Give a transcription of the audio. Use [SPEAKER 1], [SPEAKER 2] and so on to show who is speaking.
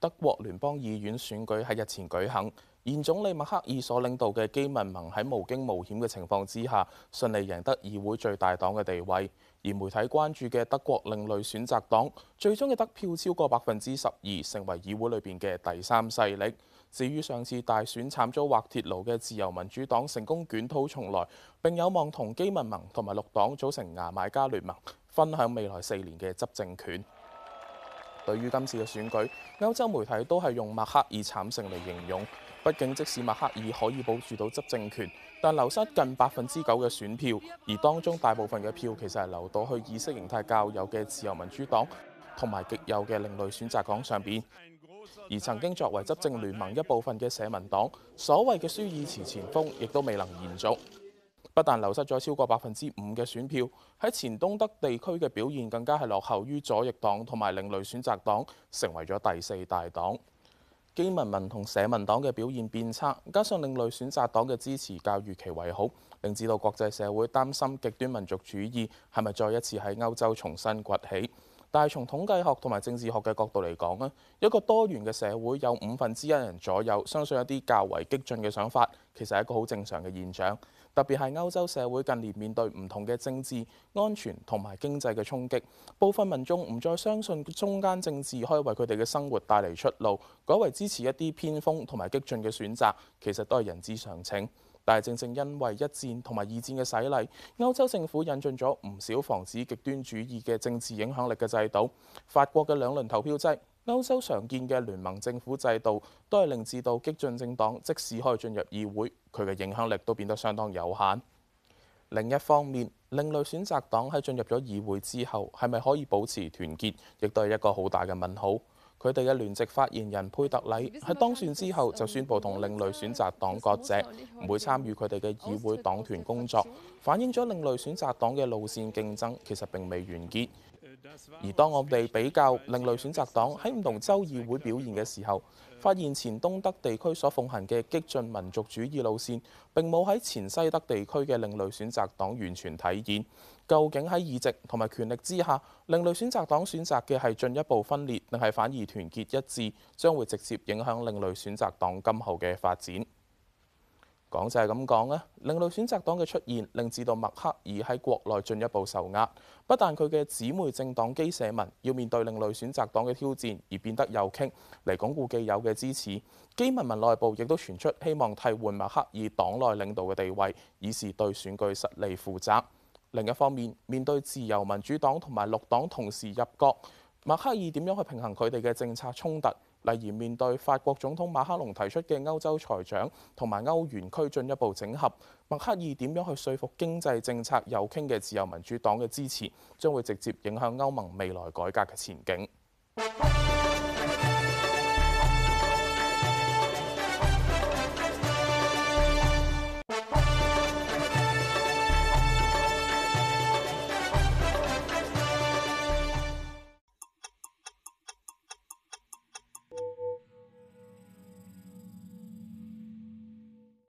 [SPEAKER 1] 德國聯邦議院選舉喺日前舉行，現總理默克爾所領導嘅基民盟喺無驚無險嘅情況之下，順利贏得議會最大黨嘅地位。而媒體關注嘅德國另類選擇黨，最終嘅得票超過百分之十二，成為議會裏邊嘅第三勢力。至於上次大選慘遭滑鐵盧嘅自由民主黨，成功捲土重來，並有望同基民盟同埋綠黨組成牙買加聯盟，分享未來四年嘅執政權。對於今次嘅選舉，歐洲媒體都係用默克爾慘勝嚟形容。畢竟即使默克爾可以保住到執政權，但流失近百分之九嘅選票，而當中大部分嘅票其實係流到去意識形態較右嘅自由民主黨同埋極右嘅另類選擇黨上邊。而曾經作為執政聯盟一部分嘅社民黨，所謂嘅舒爾茨前鋒，亦都未能延續。不但流失咗超過百分之五嘅選票，喺前東德地區嘅表現更加係落後於左翼黨同埋另類選擇黨，成為咗第四大黨。基民盟同社民黨嘅表現變差，加上另類選擇黨嘅支持較預期為好，令至到國際社會擔心極端民族主義係咪再一次喺歐洲重新崛起。但係從統計學同埋政治學嘅角度嚟講呢，一個多元嘅社會有五分之一人左右相信一啲較為激進嘅想法，其實係一個好正常嘅現象。特別係歐洲社會近年面對唔同嘅政治、安全同埋經濟嘅衝擊，部分民眾唔再相信中間政治可以為佢哋嘅生活帶嚟出路，改為支持一啲偏鋒同埋激進嘅選擇，其實都係人之常情。但係正正因為一戰同埋二戰嘅洗禮，歐洲政府引進咗唔少防止極端主義嘅政治影響力嘅制度。法國嘅兩輪投票制、歐洲常見嘅聯盟政府制度，都係令至到激進政黨即使可以進入議會，佢嘅影響力都變得相當有限。另一方面，另類選擇黨喺進入咗議會之後，係咪可以保持團結，亦都係一個好大嘅問號。佢哋嘅聯席發言人佩特里喺當選之後就宣布同另類選擇黨割席，唔會參與佢哋嘅議會黨團工作，反映咗另類選擇黨嘅路線競爭其實並未完結。而當我哋比較另類選擇黨喺唔同州議會表現嘅時候，發現前東德地區所奉行嘅激進民族主義路線並冇喺前西德地區嘅另類選擇黨完全體現。究竟喺議席同埋權力之下，另類選擇黨選擇嘅係進一步分裂，定係反而團結一致，將會直接影響另類選擇黨今後嘅發展。講就係咁講啦，另類選擇黨嘅出現，令至到默克爾喺國內進一步受壓。不但佢嘅姊妹政黨基社民要面對另類選擇黨嘅挑戰，而變得右傾嚟鞏固既有嘅支持。基民民內部亦都傳出希望替換默克爾黨內領導嘅地位，以示對選舉失利負責。另一方面，面對自由民主黨同埋綠黨同時入閣，默克爾點樣去平衡佢哋嘅政策衝突？例如，面對法國總統馬克龍提出嘅歐洲財長同埋歐元區進一步整合，默克爾點樣去說服經濟政策右傾嘅自由民主黨嘅支持，將會直接影響歐盟未來改革嘅前景。